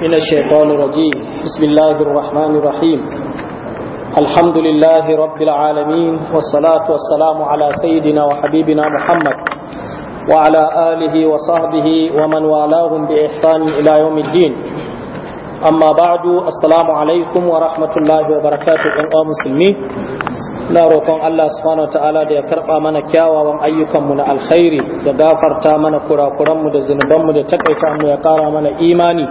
من الشيطان الرجيم بسم الله الرحمن الرحيم الحمد لله رب العالمين والصلاة والسلام على سيدنا وحبيبنا محمد وعلى آله وصحبه ومن والاهم بإحسان إلى يوم الدين أما بعد السلام عليكم ورحمة الله وبركاته أيها المسلمين na roƙon Allah subhanahu ta'ala da ya karɓa mana kyawawan ayyukanmu na alkhairi da gafarta mana kurakuranmu da zunubanmu da takaita mu ya ƙara mana imani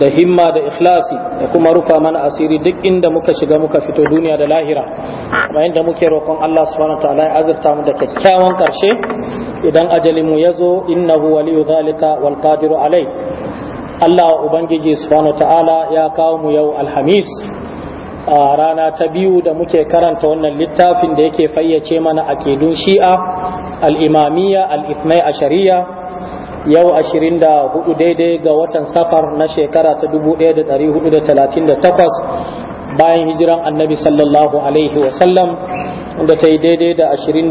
da himma da ikhlasi da kuma rufa mana asiri duk inda muka shiga muka fito duniya da lahira kuma inda muke roƙon Allah subhanahu wa ta'ala ya azurta mu da kyakkyawan karshe idan ajalin mu yazo innahu waliyu zalika wal qadiru alai Allah ubangiji subhanahu wa ta'ala ya kawo mu yau alhamis a rana ta biyu da muke karanta wannan littafin da yake fayyace mana akidun shi'a al-imamiyya al-ithnai Shari'a. yau 24 daidai ga watan safar na shekara ta 1438 bayan hijiran annabi sallallahu alaihi wasallam da ta yi daidai da 24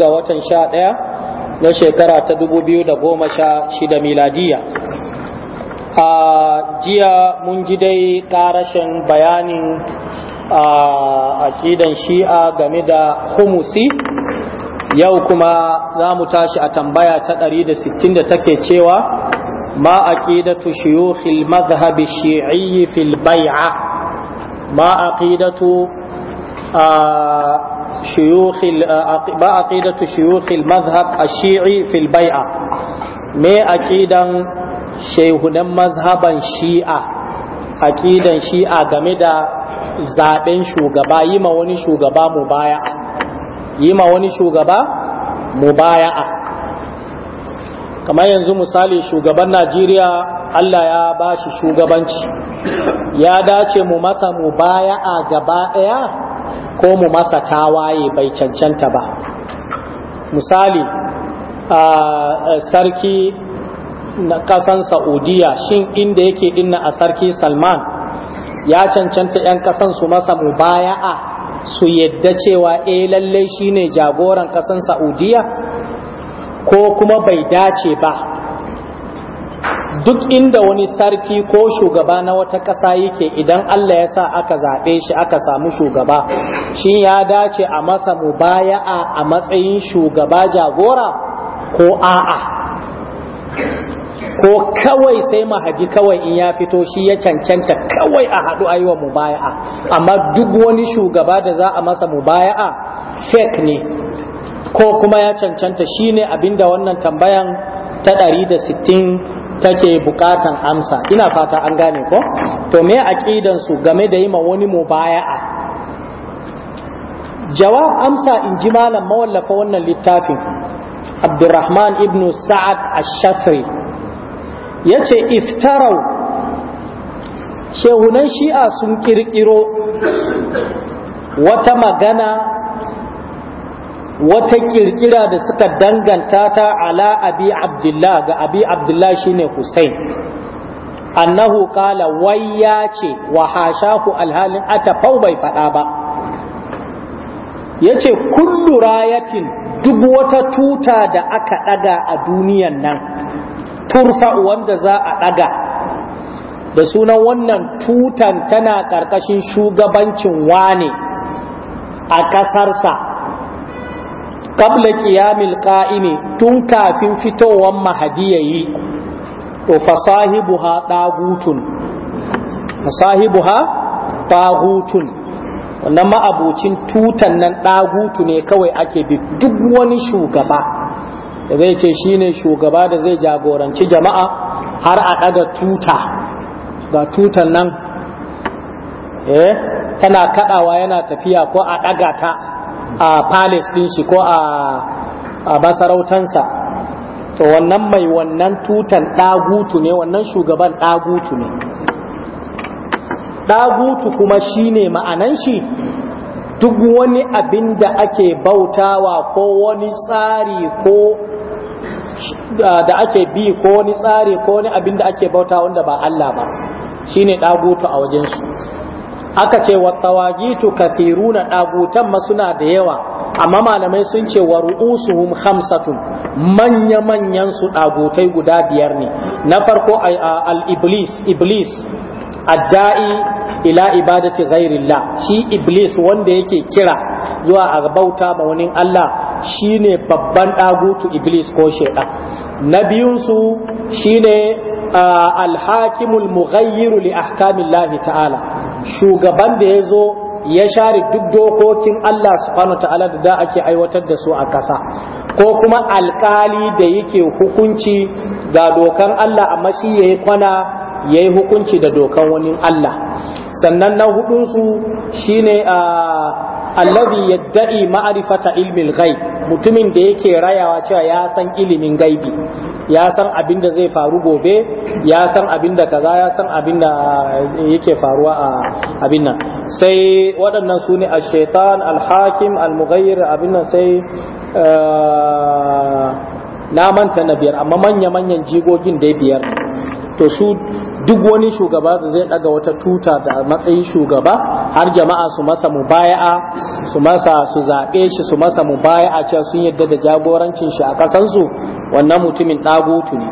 ga watan 11 na shekara ta 2016 miladiya a jiya mun ji dai karashin bayanin a akidan shi'a game da humusi yau kuma za mu tashi a tambaya ta 160 da take cewa ma aqidatu shuyukhil madhhab shi'i fil bai'a ma ba shii fil bai'a me aqidan shehunan mazhaban shi'a aƙidan shi'a game da zaben shugaba yi ma wani shugaba mu baya yi ma wani shugaba mubaya'a kamar yanzu misali shugaban najeriya allah ya ba shi shugabanci ya dace mu masa mubaya'a gaba ɗaya ko mu masa tawaye bai cancanta ba misali a sarki na kasan saudiya shin inda yake dinna a sarki salman ya cancanta 'yan kasan su masa mubaya'a su yadda cewa eh lallai shine jagoran kasan Saudiya ko kuma bai dace ba duk inda wani sarki ko shugaba na wata ƙasa yake idan Allah ya sa aka zaɓe shi aka samu shugaba shi ya dace a masa mubaya'a a matsayin shugaba jagora ko a'a ko kawai sai mahaji kawai in ya fito shi ya cancanta kawai a haɗu a yi wa mubaya'a amma duk wani shugaba da za a masa mubaya'a fake ne ko kuma ya cancanta shi ne abinda wannan tambayan ta 160 take bukatan amsa ina fata an gane ko to me su game da yi ma wani mubaya'a jawab amsa in ji malam mawallafa wannan littafin abdurrahman ibnu sa'ad ash-shafri ya ce iftarau shehunan shi'a sun kirkiro wata magana wata kirkira da suka danganta ta ala abi abdullah ga abi abdullah shine hussein annahu kala wai ya ce wa hashaku alhalin atafau bai faɗa ba ya ce kullu rayatin duk wata tuta da aka ɗaga a duniyan nan turfa wanda za a ɗaga da sunan wannan tutan tana ƙarƙashin shugabancin wane a ƙasarsa ƙabla ƙiyamil ƙa'imi tun kafin fitowar mahadiyayi to ha ɗagutun ha ɗagutun wannan ma'abucin tutan nan ɗagutu ne kawai ake bi duk wani shugaba da zai ce shine shugaba da zai jagoranci jama'a har a ɗaga tuta ga tutan nan eh tana kaɗawa yana tafiya ko a ɗaga ta a palace ɗin shi ko a masarautansa to wannan mai wannan tutan ɗagutu ne wannan shugaban ɗagutu ne ɗagutu kuma shine ma'anan shi duk wani abin da ake bautawa ko wani tsari ko da ake bi ko wani tsari ko wani abin da ake bauta wanda ba Allah ba shine ɗagutu a wajen su aka ce wa tawagitu kafiru ɗagutan ma suna da yawa amma malamai sun ce wa ru'usuhum hamsatun manya manyan su ɗagutai guda biyar ne na farko al iblis iblis adda'i ila ibadati ghairillah shi iblis wanda yake kira zuwa a bauta maunin wani Allah shine babban ɗagutu iblis ko shaidan na biyunsu shine alhakimul mughayyiru li ahkamillahi ta'ala shugaban da ya zo ya share duk dokokin Allah subhanahu ta'ala da da ake aiwatar da su a ƙasa ko kuma alkali da yake hukunci ga dokan Allah a shi yayi kwana yayi hukunci da dokan wani Allah sannan na hudunsu shine a allazi yadda'i maarifata ilmin ghaib mutumin da yake rayawa cewa ya san ilimin gaibi ya san abin da zai faru gobe ya san abin da kaza ya san abin da yake faruwa a abin nan sai waɗannan su ne al-shaitan al-hakim abin nan sai na manta na biyar amma manya-manyan jigogin da biyar to su duk wani shugaba da zai daga wata tuta da matsayin shugaba har jama'a su masa mubaya'a su masa su zaɓe shi su masa mubaya'a cewa sun yadda da jagorancin shi a su wannan mutumin ɗagutu ne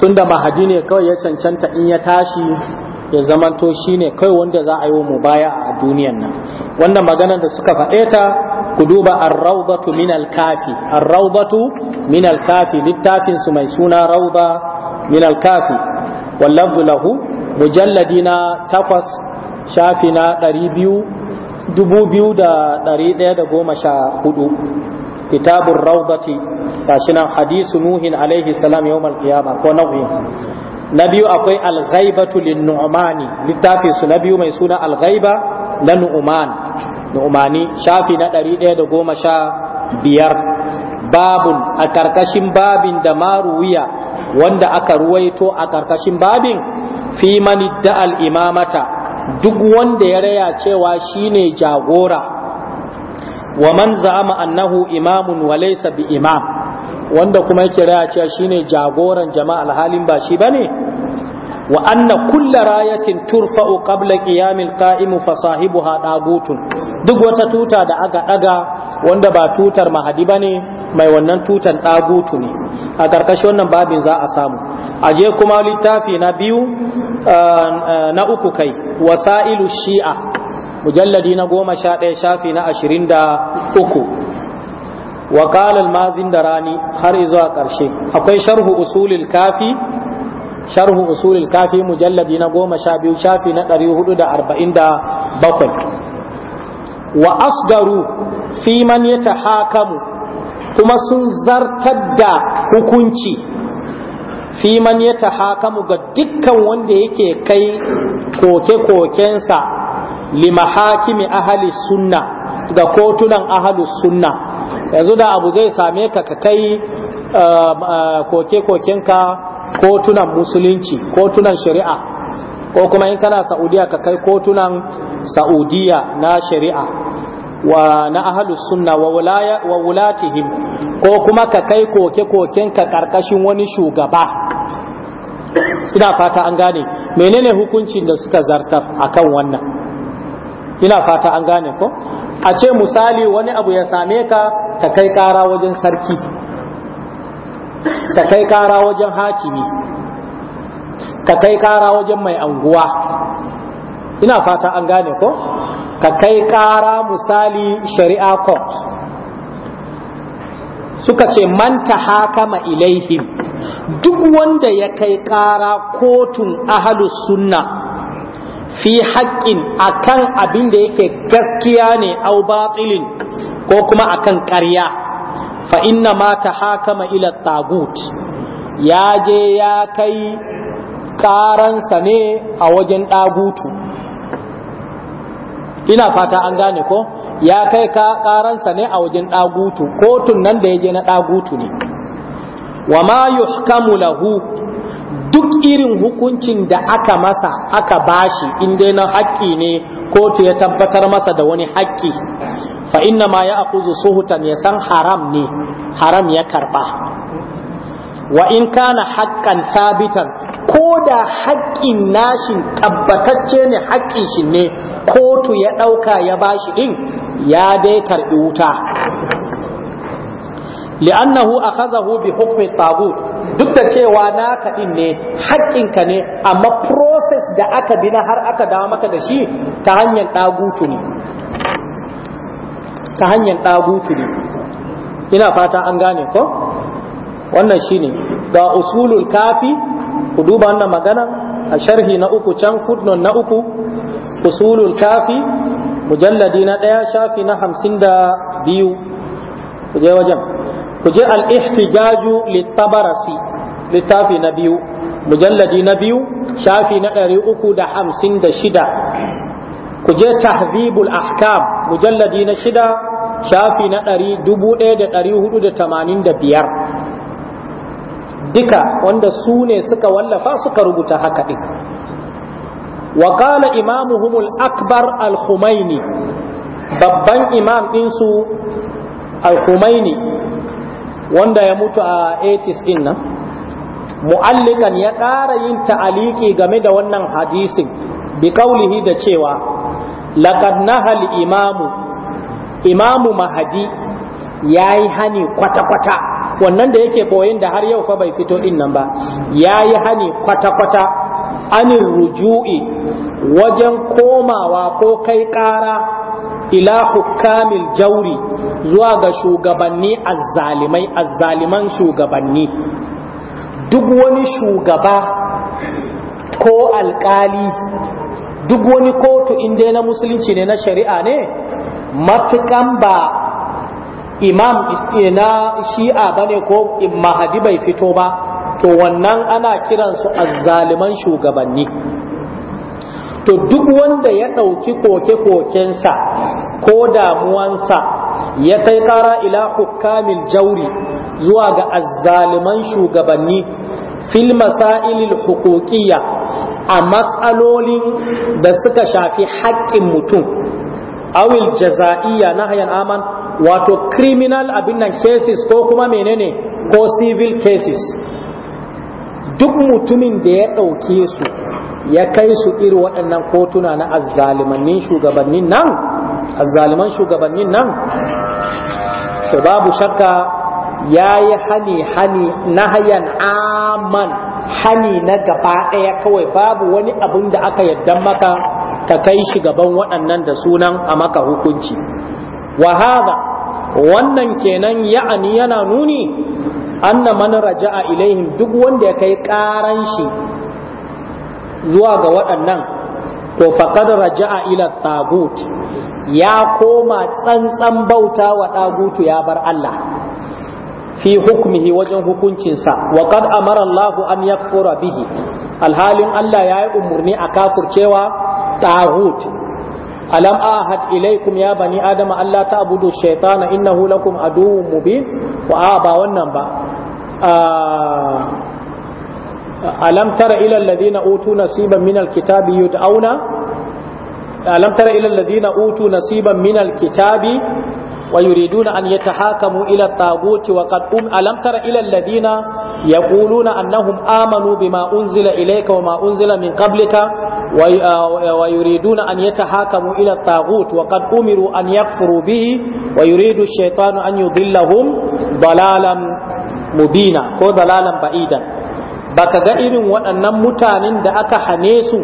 tunda mahadi ne kawai ya cancanta in ya tashi ya zamanto shi ne kawai wanda za a yi wa mubaya'a a duniyan nan wannan maganar da suka faɗe ta ku duba ar-rawdatu min al-kafi ar-rawdatu min al-kafi littafin su mai suna rawda min al-kafi wallafzu lahu mujalladi na takwas shafi na ɗari biyu dubu biyu da ɗari ɗaya da goma sha hudu kitabun raudati gashi nan hadisu nuhin alaihi salam ko nau'in na biyu akwai alghaibatu lin nu'mani littafi su na biyu mai suna alghaiba na nu'man nu'mani shafi na biyar babun a karkashin babin da maruwiya wanda aka ruwaito a ƙarƙashin babin fi mani da'al imamata duk wanda ya raya cewa shine jagora wa man za'ama annahu imamun wa laysa bi imam wanda kuma yake raya cewa shine jagoran jama'a alhalin ba shi bane wa anna kulla rayatin turfa'u qabla qiyamil qa'imu fa sahibuha dagutun duk wata tuta da aka daga wanda ba tutar mahadi bane mai wannan tutan dagutu ne a karkashin wannan babin za a samu aje kuma littafi na biyu eh, eh, na uku kai wasailu shi'a mujalladi na goma sha ɗaya shafi na ashirin da uku wa qala mazin da rani har izuwa ƙarshe akwai sharhu usulil kafi sharhu usulul kafi mujalladi na goma sha biyu shafi na ɗari hudu da arba'in da bakwai wa asgaru fi man ya tahakamu kuma sun zartar da hukunci fi man ya tahakamu ga dukkan wanda yake kai koke-kokensa limahakimi ahali sunna ga kotunan ahali sunna yanzu da abu zai same ka kai koke eh, eh, koken ka. kotunan musulunci kotunan shari'a ko kuma in kana saudiya ka kai kotunan saudiya na shari'a wa na ahalus sunna wa wulatihim ko kuma ka kai koke-koken ka karkashin wani shugaba ina fata an gane menene hukuncin da suka zartar akan wannan ina fata an gane ko a ce misali wani abu ya same ka ka kai kara wajen sarki ka kai kara wajen hakimi ka kai kara wajen mai anguwa ina fata an gane ko ka kai kara misali shari'a court suka ce manta hakama ilaihim duk wanda ya kai kara kotun ahalus sunna fi haƙƙin akan abin da yake gaskiya ne au batilin ko kuma akan ƙarya fa inna ma ta hakama ila tagut ya je ya kai karansa ne a wajen ɗagutu ina fata an gane ko ya kai ka karansa ne a wajen ɗagutu kotun nan da ya je na ɗagutu ne wa ma yuhkamu lahu duk irin hukuncin da aka masa aka bashi in na haƙƙi ne kotu ya tabbatar masa da wani haƙƙi fa inna ma ya akuzu suhutan ya san haram ne haram ya karba wa in kana haƙƙan sabitan ko da haƙƙin nashin tabbatacce ne haƙƙin shi ne kotu ya ɗauka ya bashi ɗin ya dai karɓi wuta li'annahu akhazahu bi hukmi tagut duk da cewa naka din ne ka ne amma process da aka bi na har aka dawo maka da shi ta hanyar tagutu ne ta hanyar ɗagutu ne ina fata an gane ko wannan shine ga usulul kafi ku duba wannan magana a sharhi na uku can footnote na uku usulul kafi mujalladi na ɗaya shafi na hamsin da biyu ku je wajen ku je al-ihtijaju littabarasi littafi na biyu mujalladi na biyu shafi na ɗari uku da hamsin da shida ku je tahzibul ahkam mujalladi na shida shafi na ɗari dubu ɗaya da ɗari hudu da tamanin da biyar duka wanda su ne suka wallafa suka rubuta haka ɗin wa qala imamuhumul akbar al-khumaini babban imam ɗinsu al-khumaini wanda ya mutu a 80s ɗin nan mu'allikan ya ƙara yin ta'aliki game da wannan hadisin bi kaulihi da cewa laqad nahal imamu imamu mahadi yayi hani kwata kwata wannan da yake boyin da har yau fa bai fito din nan ba yayi hani kwata kwata anin ruju'i wajen komawa ko kai ƙara ila hukamil jauri zuwa ga shugabanni azzalimai azzaliman shugabanni duk wani shugaba ko alƙali duk wani kotu inda na musulunci ne na shari'a ne matukan ba imam eh, na shi'a ba ne ko mahadi bai fito ba to wannan ana kiransu azzaliman shugabanni to duk wanda ya ɗauki koke-kokensa ko damuwansa ya kai kara ila hukamil jauri zuwa ga azzaliman shugabanni fil masailil huquqiyya a mas'alolin da suka shafi haƙƙin mutum awil jaza'iyya nahyan aman wato criminal abin nan cases ko kuma menene ko civil cases duk mutumin da ya ɗauke su ya kai su iri waɗannan kotuna na azzalimannin shugabannin nan azzaliman shugabannin nan to babu shakka ya yi hani hani hayan aman hani na gaba ɗaya kawai babu wani abin da aka yadda maka ka kai shi gaban waɗannan da sunan a maka hukunci wahada wannan kenan ya'ani yana nuni anna man raja'a ilaihim duk wanda ya kai ƙaran shi zuwa ga waɗannan to faqad raja'a ila tagut ya koma tsantsan bauta wa tagutu ya bar Allah fi hukmihi wajen hukuncinsa wa qad amara Allah an yakfura bihi alhalin Allah ya yi umarni a kafurcewa taghut alam ahad ilaikum ya bani adama Allah ta'budu shaytana innahu lakum aduwwun mubin wa a ba wannan ba alam tara ila alladhina utu nasiban min alkitabi yud'auna alam tara ila alladhina utu nasiban min alkitabi ويريدون أن يتحاكموا إلى الطاغوت وقد أم ألم تر إلى الذين يقولون أنهم آمنوا بما أنزل إليك وما أنزل من قبلك آه، ويريدون أن يتحاكموا إلى الطاغوت وقد أمروا أن يكفروا به ويريد الشيطان أن يضلهم ضلالا مبينا هو ضلالا بعيدا baka ga irin waɗannan mutanen da aka hane su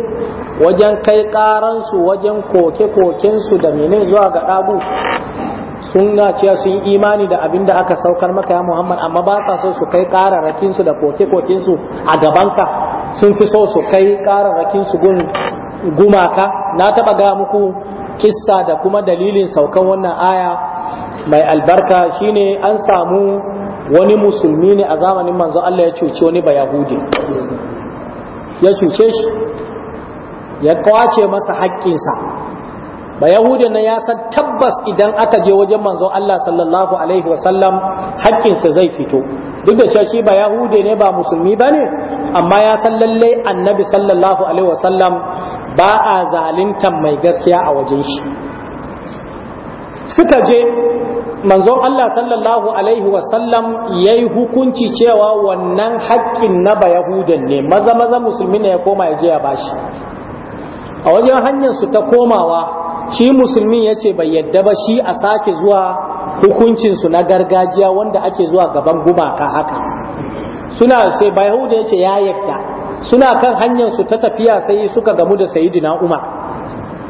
wajen kai ƙaransu wajen koke-kokensu da menene zuwa ga ɗagu Sun suna cewa sun yi imani da abin da aka saukar maka ya muhammad amma ba sa so su kai su da koke su a gaban ka. sun fi so su kai ƙararrakin gun gumaka na taba ga muku kissa da kuma dalilin saukan wannan aya mai albarka shine an samu wani musulmi ne a zamanin manzo Allah ya cuce wani bayahudi ya cuce shi ya kwace masa haƙƙinsa ba yahudiyan nan ya san tabbas idan aka je wajen manzon Allah sallallahu alaihi wa hakkin hakkinsa zai fito duk da cewa shi ba yahudi ne ba musulmi ba ne amma ya san lallai annabi sallallahu alaihi wa sallam ba a zalintan mai gaskiya a wajen shi suka je manzon Allah sallallahu alaihi wa ya yi hukunci cewa wannan hakkin na ba ne maza maza musulmi ne ya koma ya je ya bashi a wajen hanyar su ta komawa shi musulmin ya ce bai yadda ba shi a sake zuwa hukuncinsu na gargajiya wanda ake zuwa gaban gumaka haka suna sai bai ya ce ya yadda suna kan hanyar su ta tafiya sai suka gamu da sayidina umar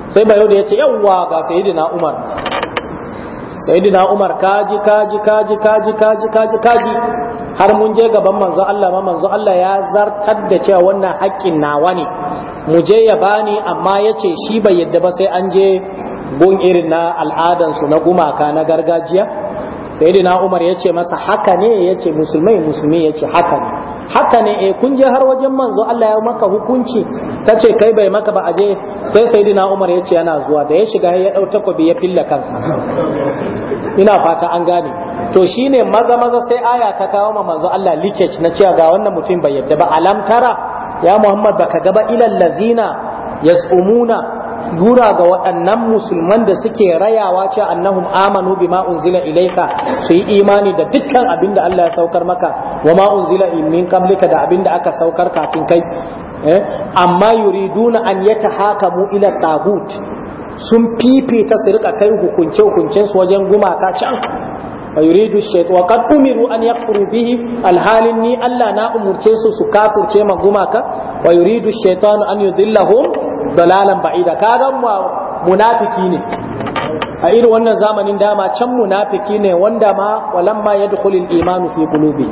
sai bai ya ce yawwa ga sayidina umar sayidina umar kaji kaji kaji kaji kaji kaji kaji har mun je gaban manzo Allah ma manzo Allah ya zartar da cewa wannan haƙƙin nawa ne Muje ya bani amma yace shi bai yadda ba sai an je gun irin na al'adansu na gumaka na gargajiya sai umar ya ce masa haka ne yace ce musulmai musulmi yace haka ne haka ne eh kun je har wajen manzo Allah ya maka hukunci tace kai bai maka ba aje sai sayyidina Umar yace yana zuwa da ya shiga ya dau takobi ya filla kansa ina fata an gane to shine maza maza sai aya ta kawo ma manzo Allah likeci na cewa ga wannan mutum bai yadda ba alam tara ya Muhammad baka ga ba ilal lazina yas'umuna yura ga waɗannan musulman da suke rayawa ce annahum amanu bima unzila ilaika su yi imani da dukkan abin da Allah ya saukar maka wa ma unzila min qablika da abin da aka saukar kafin kai eh, amma yuriduna an yatahakamu ila tagut sun fifita su rika kai hukunce hukuncen su wajen gumaka can wa yuridu an yakfuru bihi alhalin ni Allah na umurce su su kafurce ma gumaka wa yuridu shaytan an yudillahum dalalan ba'ida kaga munafiki ne a irin wannan zamanin dama can munafiki ne wanda ma walamma yadkhulul imanu fi qulubi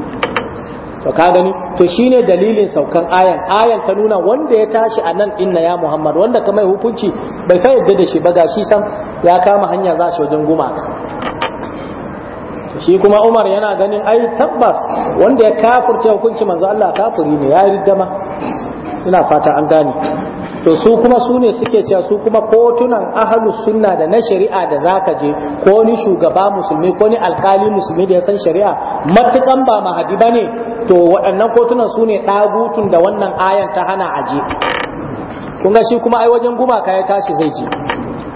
to ka gani to shine dalilin saukan ayan ayan ta nuna wanda ya tashi a nan inna ya Muhammad wanda ka mai hukunci bai san yadda da shi ba ga shi san ya kama hanya za shi wajen gumaka shi kuma Umar yana ganin ai tabbas wanda ya kafirce hukunci manzo Allah kafiri ne ya riddama ina fata an gane to su kuma su ne suke cewa su kuma kotunan ahalus sunna da na shari'a da zaka je ko ni shugaba musulmi ko ni alkali musulmi da ya san shari'a matukan ba mahadi bane to waɗannan kotunan su ne ɗagutun da wannan ayan ta hana aje kun ga shi kuma ai wajen gumaka ya tashi zai ji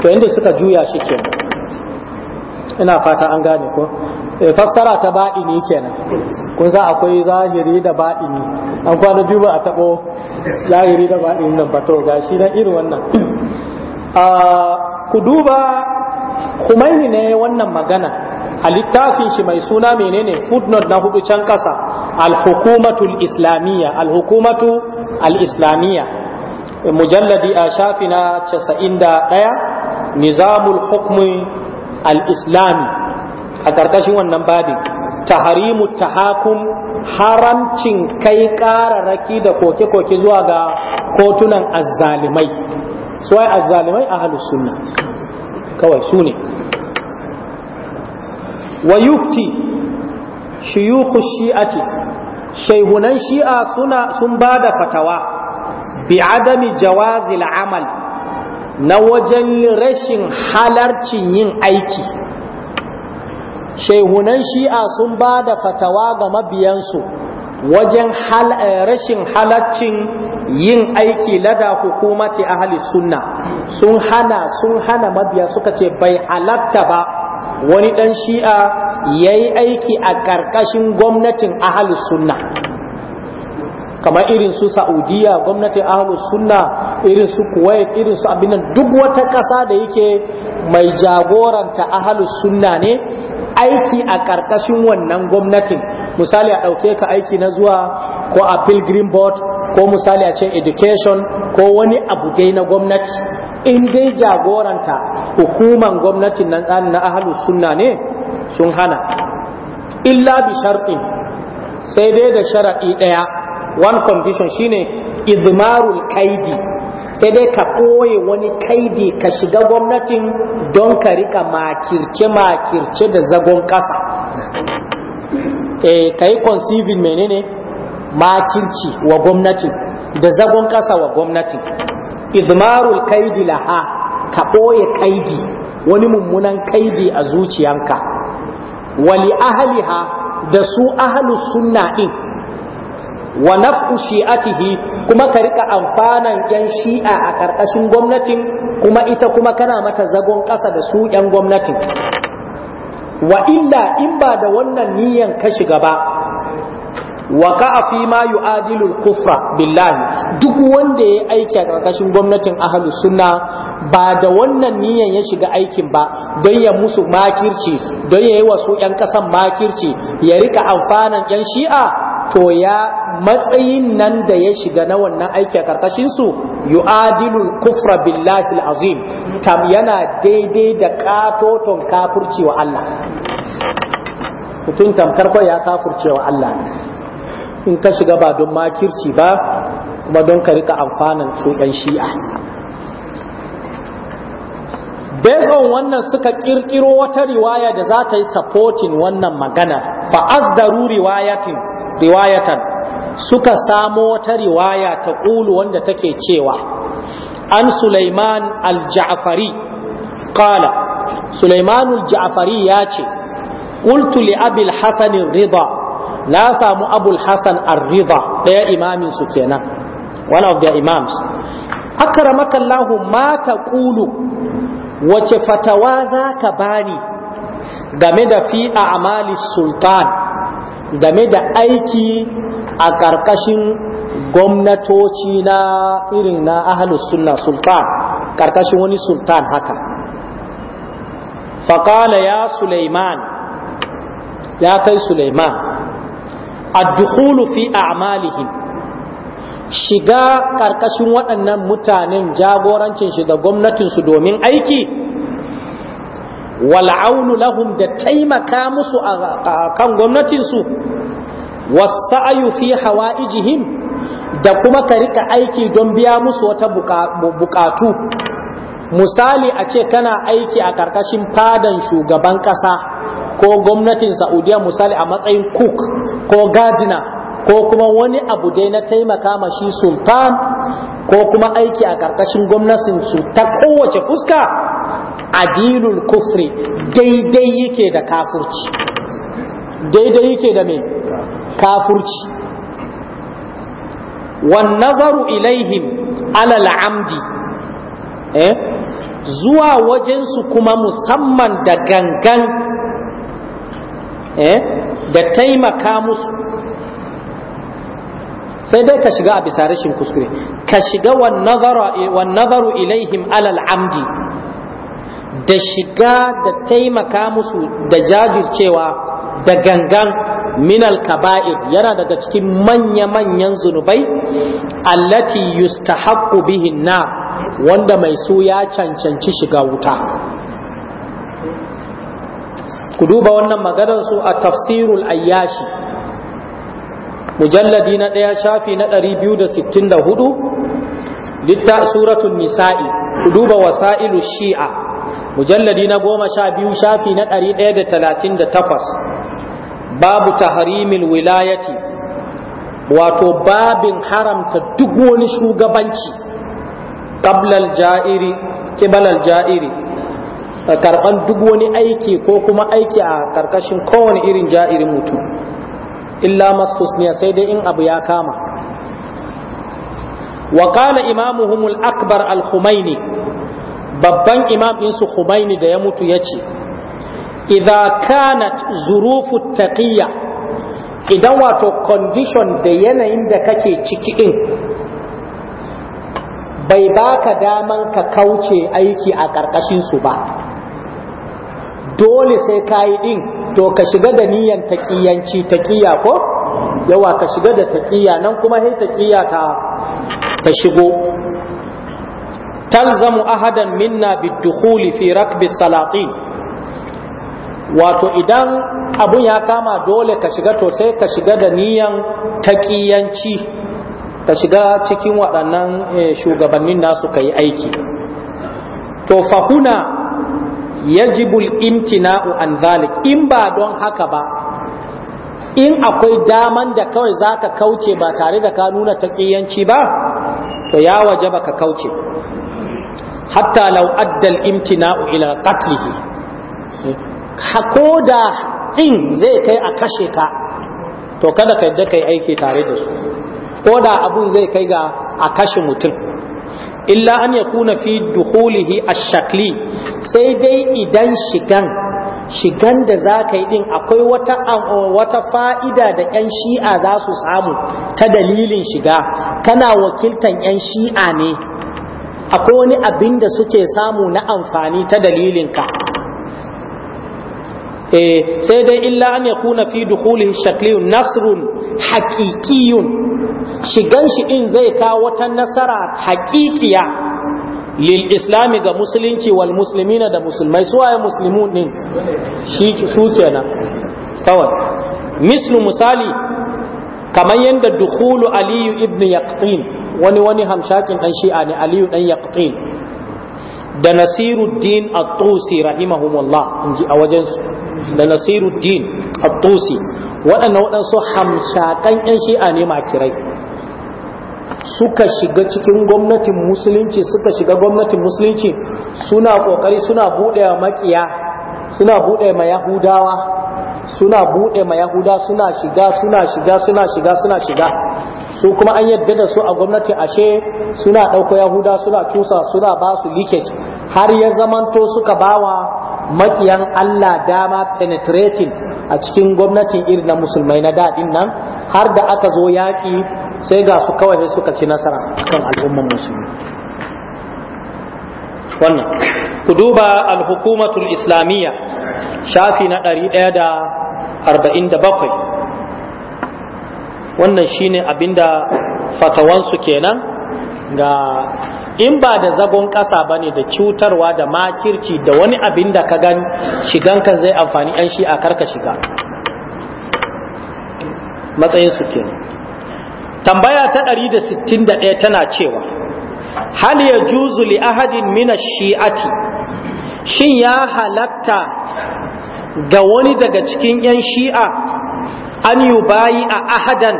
to inda suka juya shi kenan ina fata an gane ko Eh, fassara ta ne kenan kun sa akwai zahiri da ba'ini. an kwana biyu ba a taɓo zahiri da ba'ini nan ba to ga shi na irin wannan ah, ku duba kumaini ne wannan magana a littafin shi mai suna menene footnote na hudu can kasa al islamiyya Alhukumatu alislamiyya al-islamiyya mujalladi a shafi na 91 nizamul hukmi al-islami a ƙarƙashin wannan harimu taharimu tahakum haramcin kai ƙararraki da koke-koke zuwa ga kotunan azzalimai suwai azzalimai a sunna kawai su ne wa yufti shi'ati shaihunan shi'a suna sun ba da fatawa bi adami jawazil amal na wajen rashin halarcin yin aiki shehunan shi'a sun ba da fatawa ga mabiyansu wajen eh, rashin halaccin yin aiki lada hukumati ahli sunna sun hana sun hana mabiya suka ce bai halatta ba wani dan shi'a ya yi aiki a ƙarƙashin gwamnatin ahli sunna kamar irin su saudiya gwamnatin ahli sunna irin su kuwait irin su abinan duk wata ƙasa da yake mai jagoranta ahli sunna ne aiki a ƙarƙashin wannan gwamnatin misali a ɗauke ka aiki na zuwa ko a pilgrim board ko misali a ce education ko wani abu dai na gwamnati in dai jagoranta hukuman gwamnati nan tsarin na ahalus sunna ne sun hana illa bi shartin sai dai da sharaɗi ɗaya one condition shine idmarul kaidi sai dai ka ɓoye wani kaidi ka shiga gwamnatin don ka rika makirce-makirce da zagon ƙasa e, ka yi conceiving menene makirci wa gwamnatin da zagon ƙasa wa gwamnatin idmarul kaidi laha ka ɓoye kaidi wani mummunan kaidi a zuciyanka wali ahaliha da su ahalus sunna ɗin wa naf'u shi'atihi kuma ka rika amfanan yan shi'a a karkashin gwamnatin kuma ita kuma kana mata zagon ƙasa da su yan gwamnatin wa illa in ba da wannan niyan ka shiga ba wa ka'a fi ma yu'adilu al-kufra billahi duk wanda ya aiki a karkashin gwamnatin ahlus sunna ba da wannan niyan ya shiga aikin ba don ya musu makirci don ya yi wa yan kasan makirci ya rika amfanan yan shi'a to ya matsayin nan da ya shiga na wannan aiki a karkashin su yu'adilu kufra billahi azim kam yana daidai da katoton kafurci wa Allah mutum tamkar ya kafurce wa Allah in ka shiga ba don makirci ba kuma don ka rika amfanin su ɗan shi'a based on wannan suka kirkiro wata riwaya da za ta yi supporting wannan magana fa asdaru riwayatin riwayatan suka samo wata riwaya ta ƙulu wanda take cewa an Sulaiman al-Ja'fari qala Sulaiman al ya ce ƙultu li Abil Hasan na samu Abul Hasan ar-Ridha ɗaya imaminsu kenan one of the imams akramaka Allah ma taqulu wace fatawa zaka bani game da fi a'mali sultan game da aiki a ƙarƙashin gwamnatoci na irin na ahalus sunna sultan ƙarƙashin wani sultan haka faƙala ya suleiman ya kai suleiman addukulu fi a'malihim shiga ƙarƙashin waɗannan mutanen jagorancin shiga gwamnatinsu domin aiki wal'aunu lahum da taimaka musu a kan gwamnatinsu wasa'ayu fi ijihim da kuma ka rika aiki don biya musu wata bukatu misali a ce kana aiki a karkashin fadan shugaban kasa ko gwamnatin saudiya misali a matsayin cook ko gardener ko kuma wani abu dai na taimaka ma shi sultan ko kuma aiki a karkashin gwamnatin su ta kowace fuska adilul kufri daidai yake da kafurci daidai yake da me kafurci wan nazaru ilaihim alal amdi eh zuwa wajensu kuma musamman da gangan eh da taimaka musu sai dai ka shiga a bisa rashin kuskure ka shiga wan nazaru ilaihim alal amdi da shiga da taimaka musu da jajircewa da gangan minal kaba'ir yana daga cikin manya-manyan zunubai allati yustahaqqu bihin na wanda mai su ya cancanci shiga wuta ku duba wannan maganar su a tafsirul ayyashi mujalladi na ɗaya shafi na 264 litta suratul nisa'i ku duba wasa'ilu shi'a mujalladi na goma sha biyu shafi na ɗari ɗaya da talatin da takwas babu tahrimil wilayati wato babin haramta duk wani shugabanci ƙablal ja'iri kibalal ja'iri karɓan duk wani aiki ko kuma aiki a ƙarƙashin kowane irin ja'irin mutum illa mastusniya sai dai in abu ya kama وقال إمامهم الأكبر الخميني babban imam su Khumaini da ya mutu ya ce idha kanat zurufu taqiyya idan wato condition da yanayin da kake ciki ɗin bai baka daman ka kauce aiki a ƙarƙashin su ba dole sai ka yi ɗin to ka shiga da niyan taƙiyanci taƙiya ko yawa ka shiga da taƙiya nan kuma sai taƙiyya ta shigo talzamu ahadan minna biddukhuli fi rakbi salatin wato idan abun ya kama dole ka shiga to sai ka shiga da niyan taƙiyanci ka shiga cikin waɗannan eh, shugabannin nasu ka yi aiki to fahuna yajibul imtina'u an zalik in ba don haka ba in akwai daman da kawai za ka kauce ba tare da ka nuna taƙiyanci ba to ya waje ba ka kauce hatta law addal imtina'u ila qatlihi ko da din zai kai a kashe ka to kada ka yadda kai aiki tare da su ko da abun zai kai ga a kashe mutum illa an yakuna fi dukhulihi ash-shakli sai dai idan shigan shigan da za ka yi ɗin akwai wata, wata fa'ida da ‘yan shi'a za su samu ta dalilin shiga, kana wakiltan ‘yan shi'a ne akwai wani abin da suke samu na amfani ta dalilinka eh sai dai illa an yakuna fi dukhulihi shakliyun nasrun haqiqiyun shigan shi in zai kawo wata nasara haqiqiya lil islami ga musulunci wal muslimina da musulmai su muslimun din shi su kenan kawai mislu misali kamar yadda dukhulu aliyu ibn yaqtin wani wani hamshakin dan shi'a ne aliyu dan yaqtin da nasiruddin at-tusi rahimahumullah inji a wajen su da nasiruddin at-tusi waɗannan waɗansu hamshakan yan shi'a ne makirai suka shiga cikin gwamnatin musulunci suka shiga gwamnatin musulunci suna kokari suna buɗe makiya suna buɗe ma yahudawa suna buɗe ma yahuda suna shiga suna shiga suna shiga suna shiga su kuma an yadda da su a gwamnati ashe suna ɗauko yahuda suna cusa suna ba su leakage har ya zamanto suka bawa makiyan Allah dama penetrating a cikin gwamnatin irin na musulmai na daɗin nan har da aka zo yaƙi sai ga su kawai suka ci nasara kan al'umman musulmi wannan ku duba al-hukumatul islamiyya shafi na 147 wannan shine abinda fatawansu kenan ga in ba da zagon kasa ba ne da cutarwa da makirci da wani abin da ka gan shiganka zai amfani 'yan shi a karka shiga matsayin matsayinsu kenan tambaya ta 161 tana cewa hal ya juzu li ahadin mina shi'ati shin ya halatta ga wani daga cikin 'yan shi'a an bayi a ahadan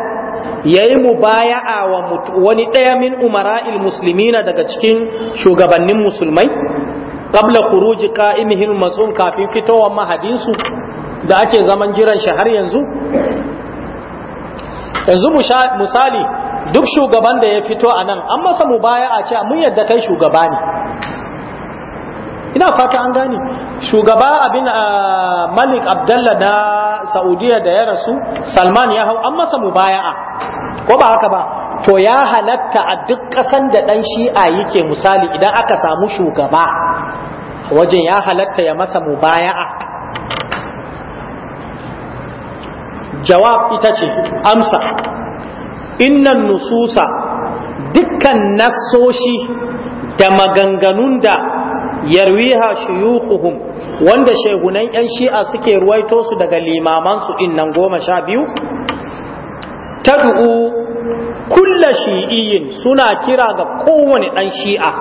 ya yi mubaya'a wa wani ɗaya min umara'il Musulmina daga cikin shugabannin musulmai ƙabla kuruji qa'imihil mas'um kafin fitowar mahadinsu da ake zaman jiran shi har yanzu yanzu misali duk shugaban da ya fito a nan an masa mu mubaya'a ce mun yadda kai shugaba ne ina fata an gani shugaba abin ah, malik abdallah na saudiya da ya rasu salman ya hau an masa mubaya'a ko ba haka ba to ya halatta a duk ƙasan da ɗan shi'a yake misali idan aka samu shugaba wajen ya halatta ya masa mubaya'a jawab ita ce amsa innan nususa dukkan nasoshi da maganganun da yarwiha shuyukhuhum wanda shegunan yan shi'a suke ruwaito su daga limaman su nan goma sha biyu tad'u kulla shi'iyin suna kira ga kowane dan shi'a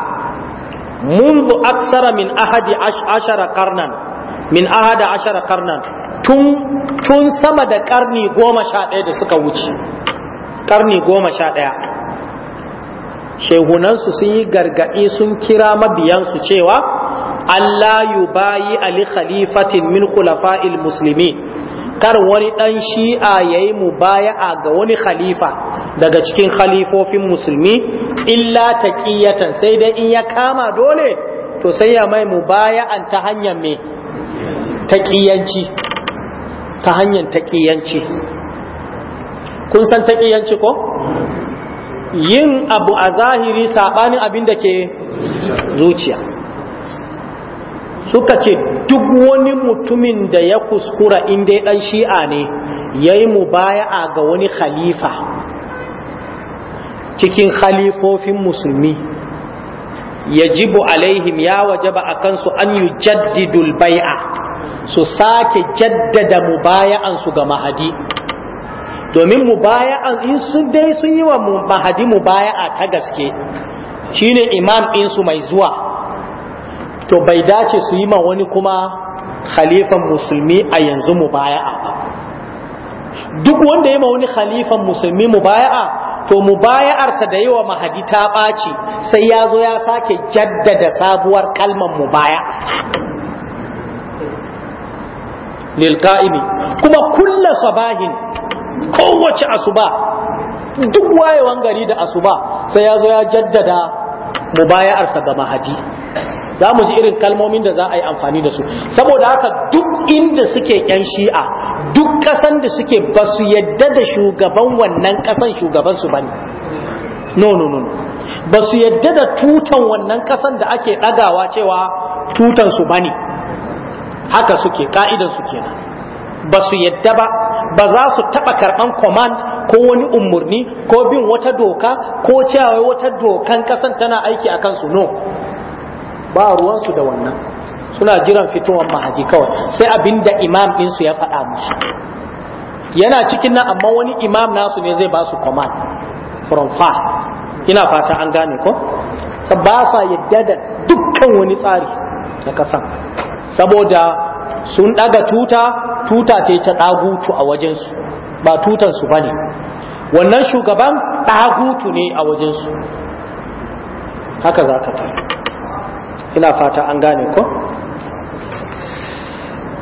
munzu aksara من أحد عشر قرنا من أحد عشر قرنا tun tun sama da karni goma sha da suka wuce karni goma sha ɗaya shehunansu sun yi gargaɗi sun kira mabiyansu cewa Allah yu bayi ali khalifatin min khulafa'il musulmi kar wani ɗan shi'a ya yi mubaya'a ga wani khalifa daga cikin khalifofin musulmi illa taqiyatan sai dai in ya kama dole to sai ya mai mubaya'an ta hanyar me taqiyanci ta hanyar taqiyanci kun san taqiyanci ko yin abu a zahiri saɓanin abin da ke zuciya suka ce duk wani mutumin da ya kuskura inda ya ɗan shi'a ne ya yi mu mubaya'a ga wani khalifa cikin khalifofin musulmi ya jibu alaihim ya ba a kansu an yi jaddidul bai'a su sake jaddada mubaya'ansu ga mahadi domin mubaya'a in sun dai sun yi wa mahadi mubaya'a ta gaske shine imam su mai zuwa to bai dace su yi ma wani kuma khalifan musulmi a yanzu mubaya'a ba duk wanda yi ma wani khalifan musulmi mubaya'a to mubaya'arsa da yawa mahadi ta ɓaci sai ya zo ya sake jaddada sabuwar kalmar mubaya'a lilka'imi kuma kulla sabahin kowace asuba duk wayewan gari da asuba sai ya zo ya jaddada mubaya'arsa ga mahadi za mu ji irin kalmomin da za a yi amfani da su saboda haka duk inda suke yan shi'a duk kasan da suke ba su yadda da shugaban wannan kasan shugaban su bane no no no ba su yadda da tutan wannan kasan da ake dagawa cewa tutansu su bane haka suke ka'idan suke kenan ba su yadda ba ba za su taɓa karɓan command ko wani umarni ko bin wata doka ko cewa wata dokan ƙasan tana aiki a kansu no ba ruwansu da wannan suna jiran fitowar mahaji kawai sai abin da imam ɗinsu ya faɗa musu yana cikin nan amma wani imam nasu ne zai ba su command from far ina fata an gane ko ba sa yadda da dukkan wani tsari na kasan saboda sun ɗaga tuta tuta ce ta ɗagutu a wajensu ba tutansu ba ne wannan shugaban ɗagutu ne a wajensu haka za ka tara ina fata an gane ko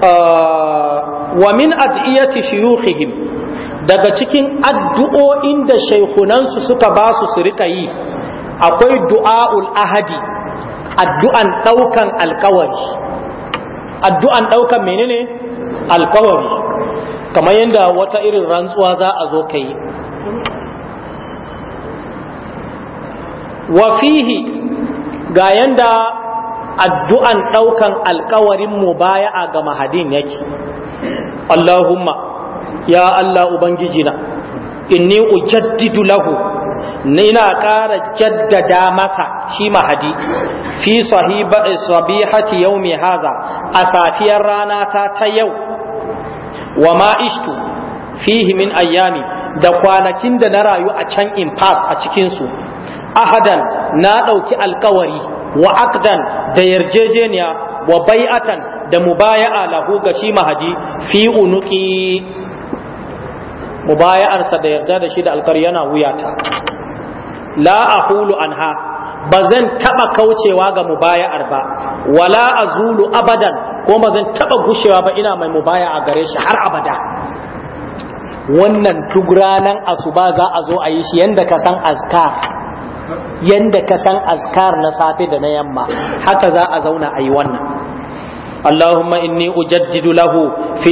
uh, wa min ad'iyati shuyukhihim daga cikin addu'o'in da shaikhunansu suka ba su su rika yi akwai du'a'ul ahadi addu'an ɗaukan alkawari addu'an ɗaukan menene alkawari kamar yadda wata irin rantsuwa za a zo ka yi wafihi ga yadda addu'an ɗaukan alkawarin mu baya a ga mahadin yake Allahumma ya Allah Ubangijina inni ujaddidu lahu ina ƙara jaddada masa shi mahadi fi sahibati yaumi haza a safiyar rana ta ta yau wa ma ishtu fihi min ayyami da kwanakin da na rayu a can in pass a cikin su ahadan na ɗauki alkawari wa akdan da yarjejeniya wa bai'atan da mubaya'a lahu ga shi mahadi fi unuki mubaya'arsa da yarda da shi da alkar yana wuyata la ahulu anha ba zan taɓa kaucewa ga mubaya'ar ba wala azulu abadan ko ba zan taba gushewa ba ina mai mubaya a gare shi har abada wannan duk ranan asuba za a zo a yi shi yanda ka san askar, yanda ka san askar na safe da na yamma haka za a zauna a yi wannan اللهم إني أجدد له في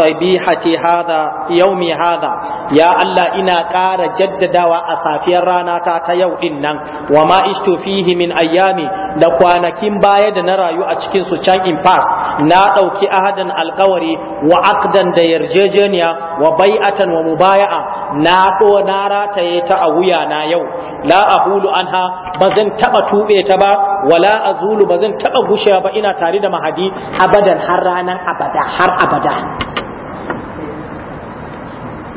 صبيحة هذا يومي هذا يا الله إنا قار جدد وأسافي رانا تاتا يو إنن وما إشت فيه من أيامي لقوانا كم بايد نرى يؤتكين سوچان إمباس نا أوكي أهدا القوري وعقدا دا يرججنيا وبيئة ومبايعة نا أو نارا تيتا أويا نا يو لا أهول عنها بزن تبا توبي تبا ولا أزول بزن تبا غشا بإنا تاريد مهدي shi abadan har ranan abada har abada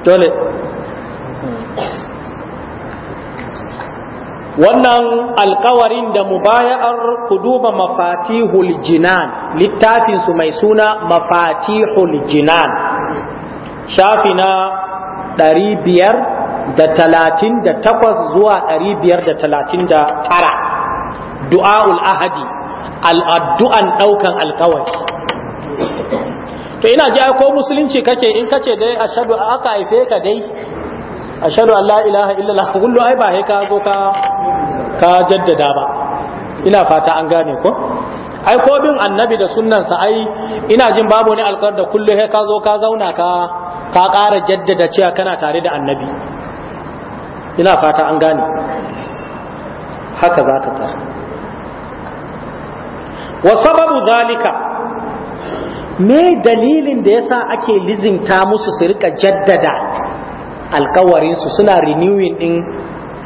dole wannan alkawarin da mubaya'ar ku duba mafatihul jinan littafinsu mai suna mafatihul jinan shafi na 538 zuwa 539 du'a'ul ahadi al'addu'an ɗaukan alkawai to ina ji ko musulunci kake in kace dai a a aka haife ka dai a shaɗu Allah ilaha illallah kullu ai ba ka zo ka jaddada ba ina fata an gane ko ai ko bin annabi da sunansa ai ina jin babu ne alkawar da kullu sai ka zo ka zauna ka ka ƙara jaddada cewa kana tare da annabi ina fata an gane haka za ka tara wa sababu zalika me dalilin da yasa ake lizinta musu su rika jaddada alkawarinsu suna renewing din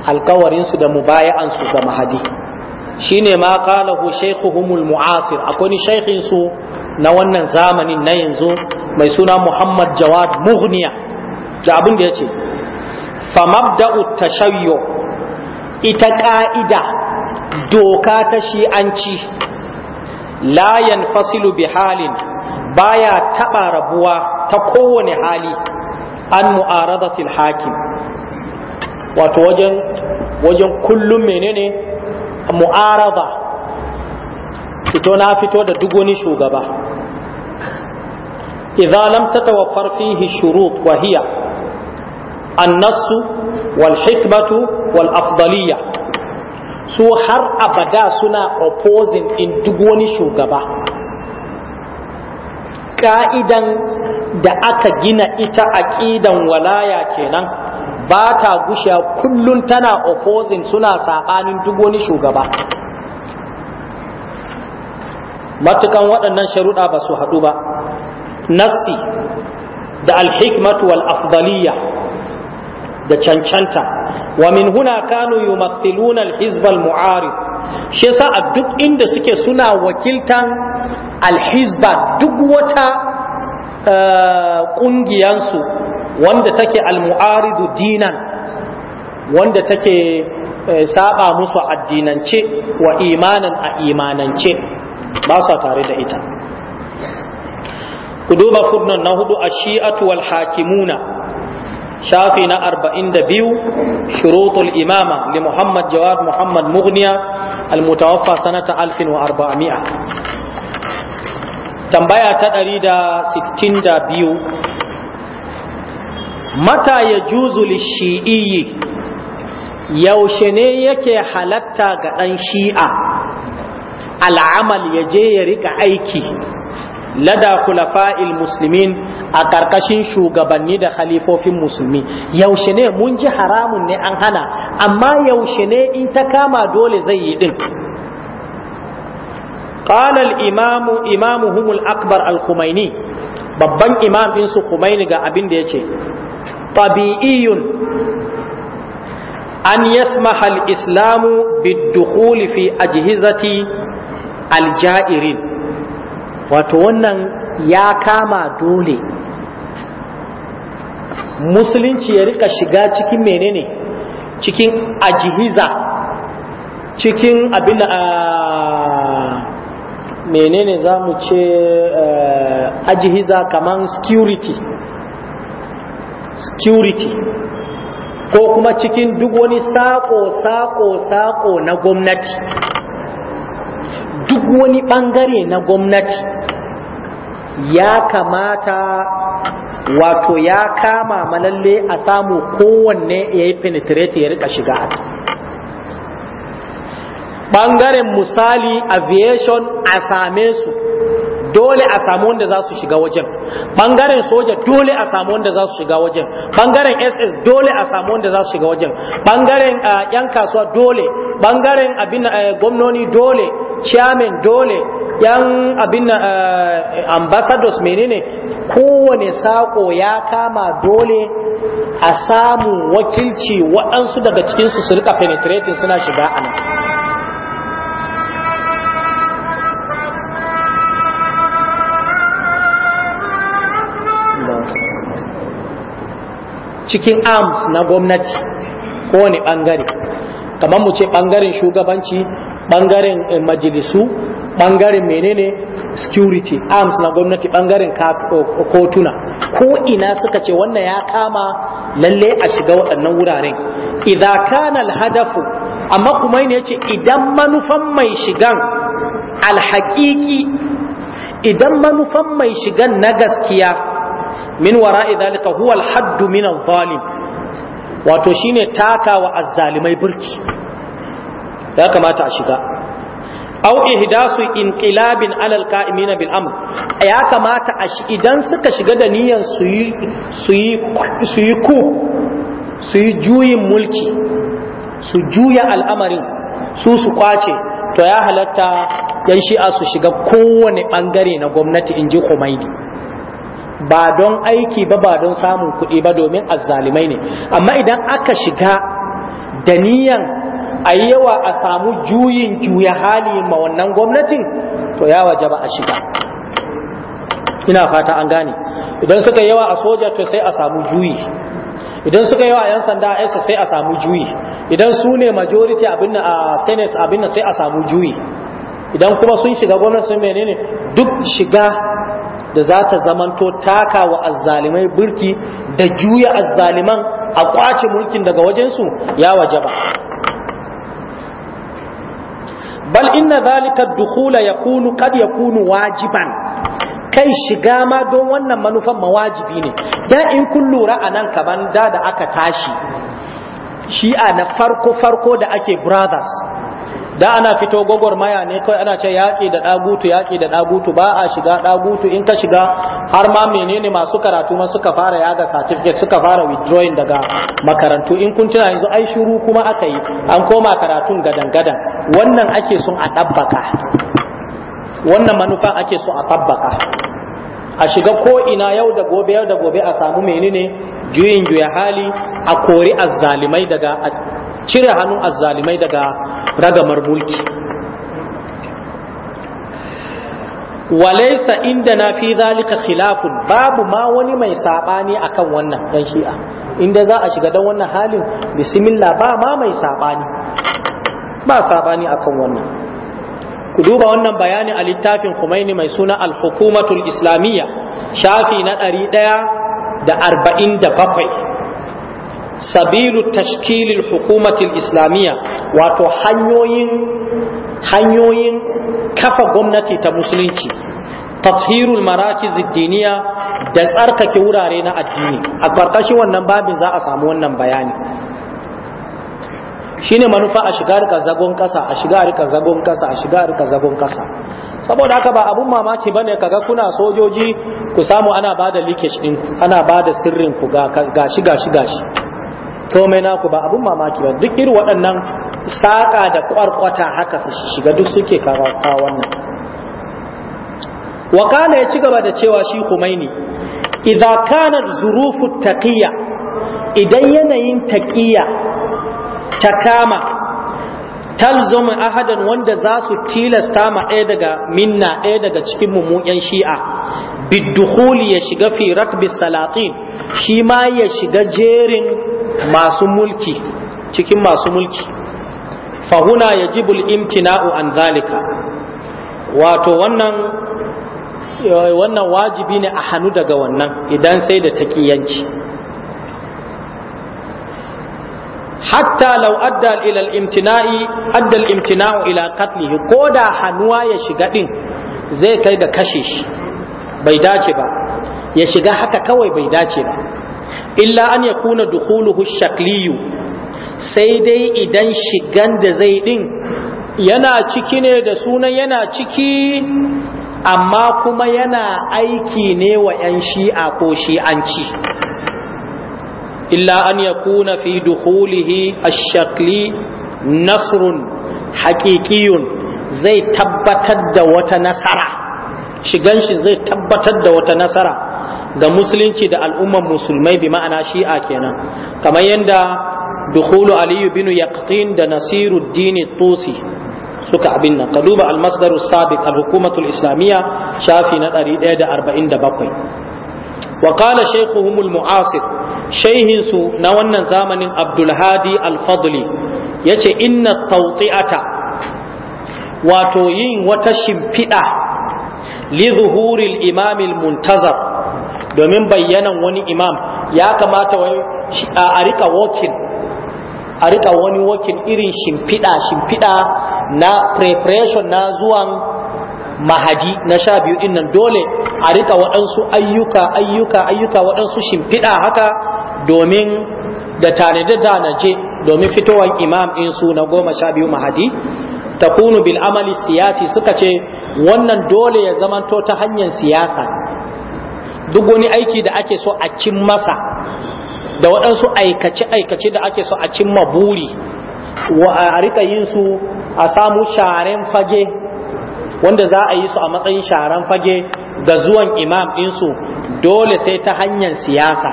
alkawarinsu da mubaya'ansu ga mahadi shine ma qalahu shaykhuhumul mu'asir akwai shaykhin su na wannan zamanin na yanzu mai suna Muhammad Jawad Mughniya da abin da yace fa mabda'u tashayyu ita ka'ida doka ta shi'anci لا ينفصل بحال بايا تبا ربوا تكون حالي عن معارضة الحاكم وتوجن وجن كل منين معارضة فتونا فتو دا دقوني شوغبا إذا لم تتوفر فيه الشروط وهي النص والحكمة والأفضلية su har abada suna opposing in duk wani shugaba ka'idan da aka gina ita aqidan walaya kenan ba ta gushe kullun tana opposing suna saɓanin duk wani shugaba matukan waɗannan sharuɗa ba su haɗu ba nassi da alhikmatu wal afdaliya da cancanta wa min huna kanu yumaththiluna al-hizb al-mu'arif shi yasa a duk inda suke suna wakiltan al-hizba duk wata eh, ƙungiyansu wanda take al-mu'aridu dinan wanda take eh, saɓa musu addinance wa imanan a imanance ba sa tare da ita ku duba furna na hudu a shi'atu wal hakimuna shafi na 42 shurutul imama li muhammad jawad muhammad mughniya almutawaffa sanata 1400 tambaya ta ɗari da biyu. mata ya juzu lishi'iyi yaushe ne yake halatta ga ɗan shi'a al'amal ya je ya rika aiki lada kulafa'il musulmin. a ƙarƙashin shugabanni da khalifofin musulmi yaushe ne mun ji haramun ne an hana amma yaushe ne in ta kama dole zai yi ɗin ƙalar imamu imamu humul akbar al-khumaini babban imam ɗinsu khumaini ga abin da ya ce tabi'iyun an yasmaha al-islamu bidduhuli fi ajhizati al-ja'irin wato wannan ya kama dole musulunci ya rika shiga cikin menene cikin ajihiza cikin abin ah, menene za mu ce eh, ajihiza kaman security security ko kuma cikin duk wani sako-sako-sako na gwamnati duk wani bangare na gwamnati ya kamata wato ya kama malalle a samu kowanne ya yi penetrate ya rika shiga ɓangaren misali aviation a same su dole a samu wanda za su shiga wajen bangaren soja dole a samu wanda za su shiga wajen bangaren ss dole a samu wanda za su shiga wajen bangaren ah, yan kasuwa dole bangaren abin eh, gwamnoni dole chairman dole yan abin ah, eh, ambassadors menene kowane sako ya kama dole a samu wakilci waɗansu daga cikinsu su rika penetrating suna shiga anan cikin arms na gwamnati kowane bangare kamar mu ce bangaren shugabanci bangaren eh, majalisu bangaren menene security arms na gwamnati bangaren kotuna ko ina suka ce wannan ya kama lalle a shiga waɗannan wuraren idan kana alhadafu amma kuma ne ce idan manufan mai shigan alhaƙiƙi idan manufan mai shigan na gaskiya min wara'i zalika huwa al-haddu min wato shine takawa azzalimai burki ya kamata a shiga aw ihdasu inqilabin alal qa'imina bil amr ya kamata a shi idan suka shiga da niyyar su yi su yi su yi ku su yi juyin mulki su juya al'amarin su su kwace to ya halatta yan shi'a su shiga kowane bangare na gwamnati in ji Khomeini ba don aiki ba ba don samun kuɗi ba domin azzalimai ne amma idan aka shiga da niyan a yawa a samu juyin juya hali ma wannan gwamnatin to ya waje ba a shiga ina fata an gane idan suka yawa a soja to sai a samu juyi idan suka yawa yan sanda a sai a samu juyi idan su ne majority abin a senate abin sai a samu juyi idan kuma sun shiga gwamnati menene duk shiga da za ta zamanto taka wa azzalimai birki da juya azzaliman a kwace mulkin daga wajensu ya wajaba bal inna zalika dukhula yakunu ya yakunu wajiban kai shiga ma don wannan manufan mawajibi ne da in kun lura nan kaman da da aka tashi shi'a na farko farko da ake brothers da ana fito maya ne kawai ana ce yaƙi da ɗagutu yaƙi da ɗagutu ba a shiga ɗagutu in ka shiga har ma menene masu karatu ma suka fara yaga certificate suka fara withdrawing daga makarantu in kun tuna yanzu ai shiru kuma aka yi an koma karatun gadan-gadan wannan ake son a dabbaka. wannan manufa ake so a tabbaka a shiga ko ina yau da gobe yau da gobe a samu menene juyin juya hali a kori azzalimai daga a cire hannun azzalimai daga ragamar mulki walaisa inda na fi zalika khilafun babu ma wani mai sabani akan wannan Dan shi'a inda za a shiga dan wannan halin bismillah ba ma mai sabani ba sabani akan wannan ku duba wannan bayani a littafin Khomeini mai suna al-hukumatul islamiyya shafi na ɗari ɗaya da arba'in da bakwai sabilu tashkilil hukumatil islamiyya wato hanyoyin hanyoyin kafa gwamnati ta musulunci tafhirul marakiz diniya da tsarkake wurare na addini a ƙarƙashin wannan babin za a samu wannan bayani shine manufa a shiga rika zagon kasa a shiga rika zagon kasa a shiga rika zagon kasa saboda haka ba abun mamaki bane kaga kuna sojoji ku samu ana bada leakage din ana bada sirrin ku ga gashi gashi gashi to mai naku ba abun mamaki ba duk irin waɗannan saka da kwarkwata haka su shiga duk suke kawo wannan wakala ya ci gaba da cewa shi Khomeini idza kanat zurufu taqiya idan yanayin taqiya ta kama talzum ahadan wanda za su tilasta ma ɗaya daga minna ɗaya daga cikin mummuyan shi'a bidduhuli ya shiga fi rakbi salatin shi ma ya shiga jerin masu mulki cikin masu mulki fahuna yajibul imtina'u an zalika wato wannan eh, wannan wajibi ne a hannu daga wannan idan sai da taƙiyanci hatta law adda ila al-imtina'i adda al-imtina'u ila qatlihi koda hannuwa ya shiga din zai kai ga kashe shi bai dace ba ya shiga haka kawai bai dace ba illa an yakuna dukhuluhu shakliyu sai dai idan shigan da zai din yana ciki ne da sunan yana ciki amma kuma yana aiki ne wa 'yan shi'a ko shi'anci illa an yakuna fi dukhulihi ash-shakli nasrun haqiqiyun zai tabbatar da wata nasara shigan shi zai tabbatar da wata nasara ga musulunci da al'ummar musulmai bi ma'ana shi'a kenan kamar yadda dukhulu aliyu binu yaqtin da Dini tusi suka abin nan ka duba al-masdar sabiq al-hukumatul islamiyya shafi na 147 wa qala shaykhuhum muasir shaihinsu na wannan zamanin Abdulhadi Hadi al-Fadli yace inna tawti'ata wato yin wata shimfiɗa li zuhuril imam muntazar domin bayyanan wani imam ya kamata wani a rika wani walking irin shimfiɗa shimfiɗa na preparation na zuwan mahadi na sha biyu din nan dole a rika waɗansu ayyuka ayyuka ayyuka waɗansu shimfiɗa haka domin da tanadi da na je domin fitowar imam in su na goma sha biyu mahadi takunu bil amali siyasi suka ce wannan dole ya zamanto ta hanyar siyasa duk wani aiki da ake so a cin masa da waɗansu aikace-aikace da ake so a cimma buri a rika yin su a samu sharen fage wanda za a yi su a matsayin sharan fage ga zuwan imam ɗinsu dole sai ta hanyar siyasa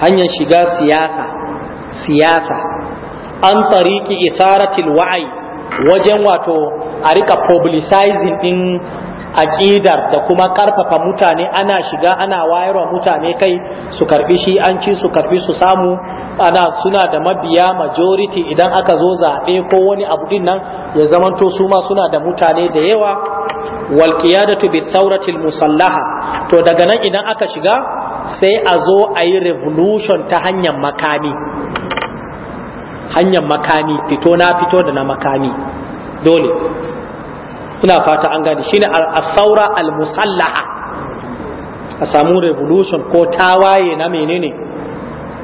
hanyar shiga siyasa siyasa an tariki isaratil wa'ai wajen wato a rika publicizing ɗin aƙidar da kuma ƙarfafa mutane ana shiga ana wayarwa mutane kai su karbi shi an ci su karbi su samu ana suna da mabiya majority idan aka zo zaɓe ko wani abu din nan ya zamanto su ma suna da mutane da yawa wal qiyadatu bi thawratil musallaha to daga nan idan aka shiga sai a zo a yi revolution ta hanyar makami hanyar makami fito na fito da na makami dole ina fata an gani shine al-thawra al-musallaha a samu revolution ko tawaye na menene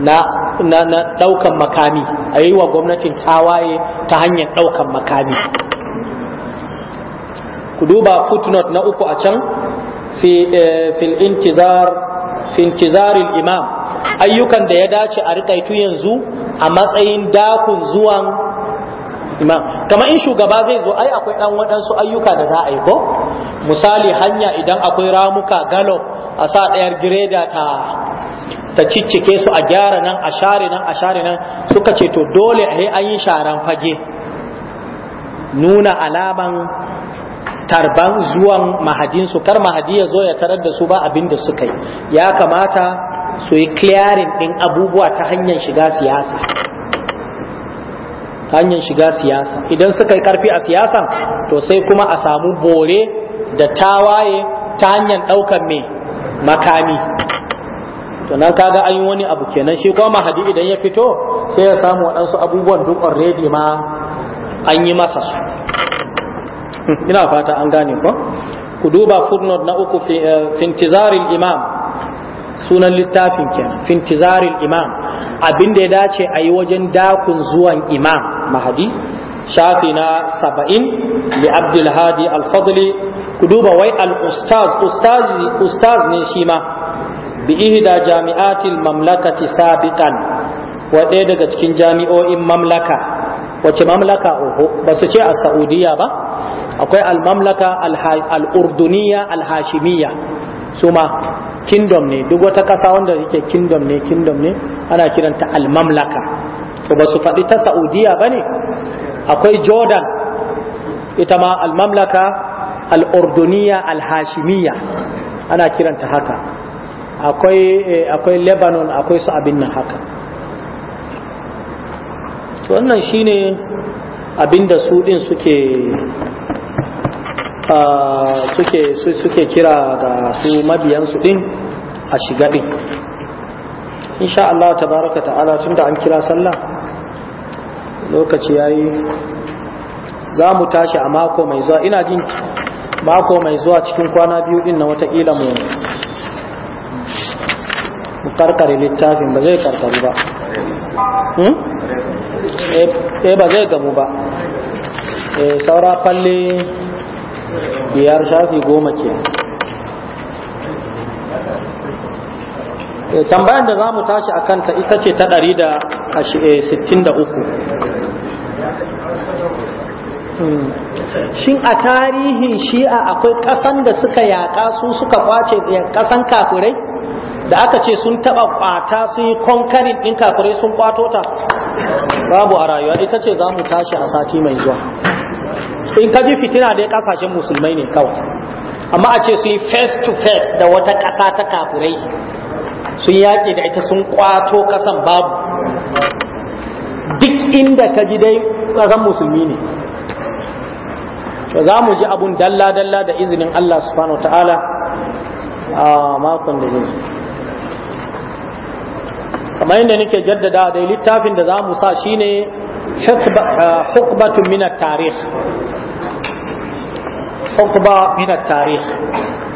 na na, na daukan makami a yi wa gwamnatin tawaye ta hanyar daukan makami ku duba footnote na uku a can fi eh, fil intizar fi al imam ayyukan da ya dace a rikaitu yanzu a matsayin dakun zuwan imam kamar in shugaba zai zo ai akwai dan waɗansu ayyuka da za a yi ko misali hanya idan akwai ramuka galop a sa ɗayar gireda ta ta ciccike su a gyara nan a share nan a share nan suka ce to dole a an yi sharan fage nuna alaman tarban zuwan mahadinsu kar mahadi ya zo ya tarar da su ba abin da suka yi ya kamata su yi clearing ɗin abubuwa ta hanyar shiga siyasa hanyar shiga siyasa idan suka yi karfi a siyasa to sai kuma a samu bore da tawaye ta hanyar ɗaukan mai makami to nan kaga an yi wani abu kenan shi kuma mahadi idan ya fito sai ya samu waɗansu abubuwan duk already ma an yi masa su ina fata an gane ko ku duba footnote na uku fintizarin eh, imam sunan littafin kenan fintizarin imam abin da ya dace a yi wajen dakun zuwan imam mahadi shafi na saba'in li abdulhadi alfadli ku duba wai al-ustaz ustaz ne shi ma bi ihda jami'atil mamlakati sabiqan wa ɗaya daga cikin jami'o'in mamlaka wace mamlaka oho ba su ce a Saudiyya ba akwai al-mamlaka al-urduniya al-hashimiyya su ma kingdom ne duk wata ƙasa wanda yake kingdom ne kingdom ne ana kiranta al-mamlaka to ba su faɗi ta saudiya ba ne akwai jordan ita ma al-mamlaka, al almamlaka Al-Hashimiya, ana kiranta haka eh, akwai lebanon akwai su abin nan haka wannan shine abin da su ɗin ah, suke kira ga su mabiyansu ɗin a shiga ɗin insha Allah tabaraka ta'ala da an kira sallah lokaci ya yi za mu tashi a mako mai zuwa ina jin mako mai zuwa cikin kwana biyu din na watakila mu mu karkare littafin ba zai karkaru ba hmm? eh, eh ba zai gamu ba eh saura falle biyar shafi goma ke Eh, tambayan da za mu tashi a kanta ita ce ta 163 eh, hmm. shin a tarihin shi'a akwai ƙasan da suka yaƙa su suka kwace eh, ƙasan kafirai da aka ce sun taɓa ƙwata su yi konkarin ɗin kafirai sun kwato ta babu a rayuwa ita ce za mu tashi a sati mai zuwa in ka ji fitina dai ƙasashen musulmai ne kawai amma a ce su yi face to face da wata ƙasa ta kafirai sun yaƙi da ita sun kwato ƙasan babu duk inda ka ji dai ƙasan musulmi ne za mu ji abun dalla-dalla da izinin Allah subhanahu wa ta'ala a makon da zai kamar yadda nake jaddada da littafin da za mu sa shine hukbatun minar tarih minar tarih